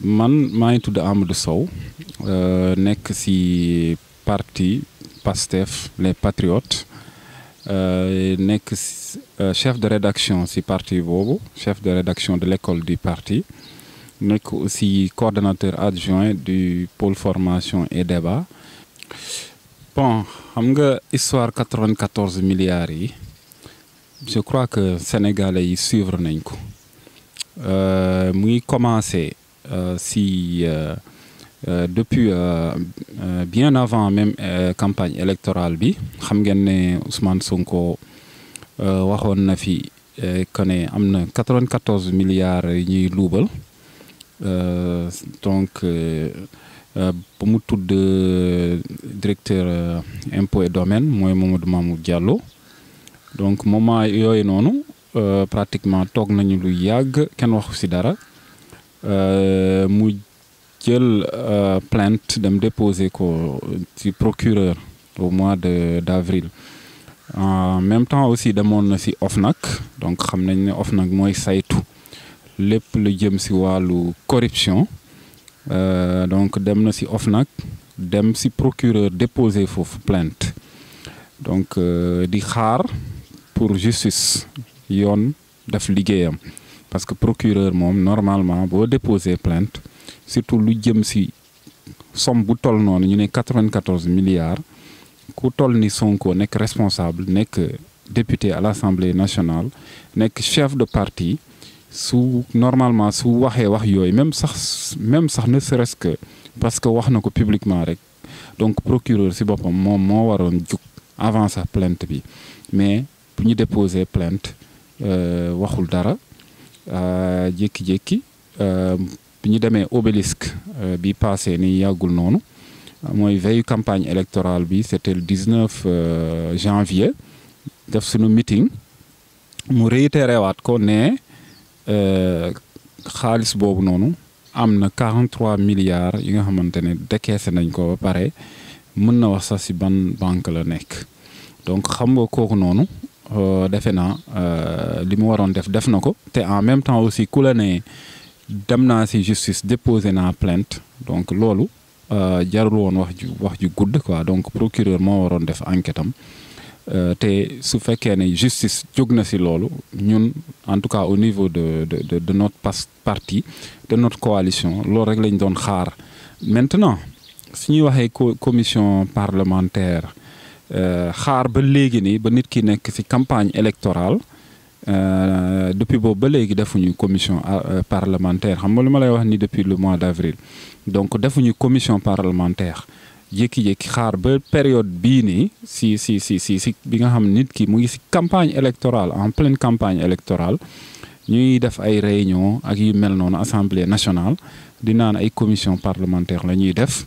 man maa ngi tudd Amadou Sow euh, nekk parti PASTEF les Patriotes je euh, euh, chef de rédaction parti chef de rédaction de l'école du parti suis aussi coordonnateur adjoint du pôle formation et débat bon xam nga histoire 94 milliards je crois que sénégalais yi suivre nañ ko commencé euh, si euh, euh, depuis bien avant même campagne électorale bi xam ngeen ne Ousmane Sonko waxoon na fi que amna 94 milliards yu ñuy luubal donc ba mu tudd directeur impôt et domaine mooy Mamadou mamou Diallo donc moment yooyu noonu pratiquement toog nañu lu yàgg kenn waxu ci dara. Euh, mu jël euh, plainte dem déposer ko ci procureur au mois de d'avril en même temps aussi demoon na ci OFNAC donc xam nañ ne OFNAC mooy saytu lepp lu jëm ci walu corruption euh, donc dem na ci OFNAC dem ci procureur déposer fofu plainte donc di xaar pour justice yoon def liggéeyam parce que procureur mom normalement bo déposer plainte surtout lu jëm si somme bu toll ñu 94 milliards ku toll ni Sonko nek responsable nek député à l'Assemblée nationale que chef de parti sous normalement sous waxé wax même sax même sax ne serait-ce que parce que wax na publiquement rek donc procureur si c'est mom mo waron juk avant sa plainte bi mais pour ñu déposer plainte euh, waxul dara euh, jekki jekki euh, bi ñu démé obélisque euh, bi passé ni yagul noonu moy veille campagne électorale bi c'était le 19 janvier def suñu meeting mu réitéré wat ko né euh boobu bobu am amna 43 milliards yi nga xamante décaissé nañ ko ba paré mën na wax sax ci ban banque la nekk donc xam nga kooku noonu euh, defe naa euh, li mu waroon def def nako té en même temps aussi ku la ne dem naa si justice déposé na plainte donc euh jarul won wax ju wax ju goud quoi donc procureur mo waroon def enquête euh té su fekkee né justice jogna ci si ñun en tout cas au niveau de de de notre parti de notre coalition lolu rek lañ doon xaar maintenant su ñuy commission parlementaire. Euh, xaar ba léegi ba nit ki nekk ci campagne électorale euh, depuis boobu ba léegi defuñu commission euh, parlementaire xam nga lu ma lay wax ni depuis le mois d'avril donc defuñu commission parlementaire jékki-jékki xaar ba période bii nii si si si si bi nga xam nit ki mu ci campagne électorale en pleine campagne électorale ñuy def ay réunion ak yu mel noonu assemblée nationale di naan ay commission parlementaire la ñuy def.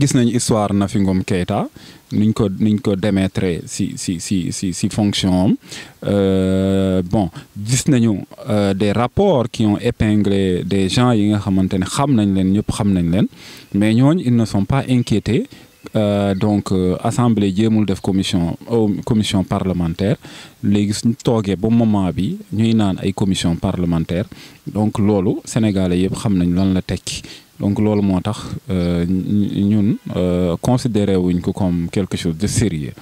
gis nañ histoire Nafi Ngom Keïta niñ ko niñ ko démettre si si si si si fonction euh bon gis nañu euh, des rapports qui ont épinglé des gens yi nga xamantene xam nañ leen ñëpp xam nañ leen mais ñooñu ils ne sont pas inquiétés euh, donc euh, assemblée jéemul def commission euh, commission parlementaire les suñ togué ba moment bi ñuy naan ay commission parlementaire donc lolu sénégalais yépp xam nañ lan la tekki donc lolu motax euh, ñun considéré wuñ ko comme quelque chose de sérieux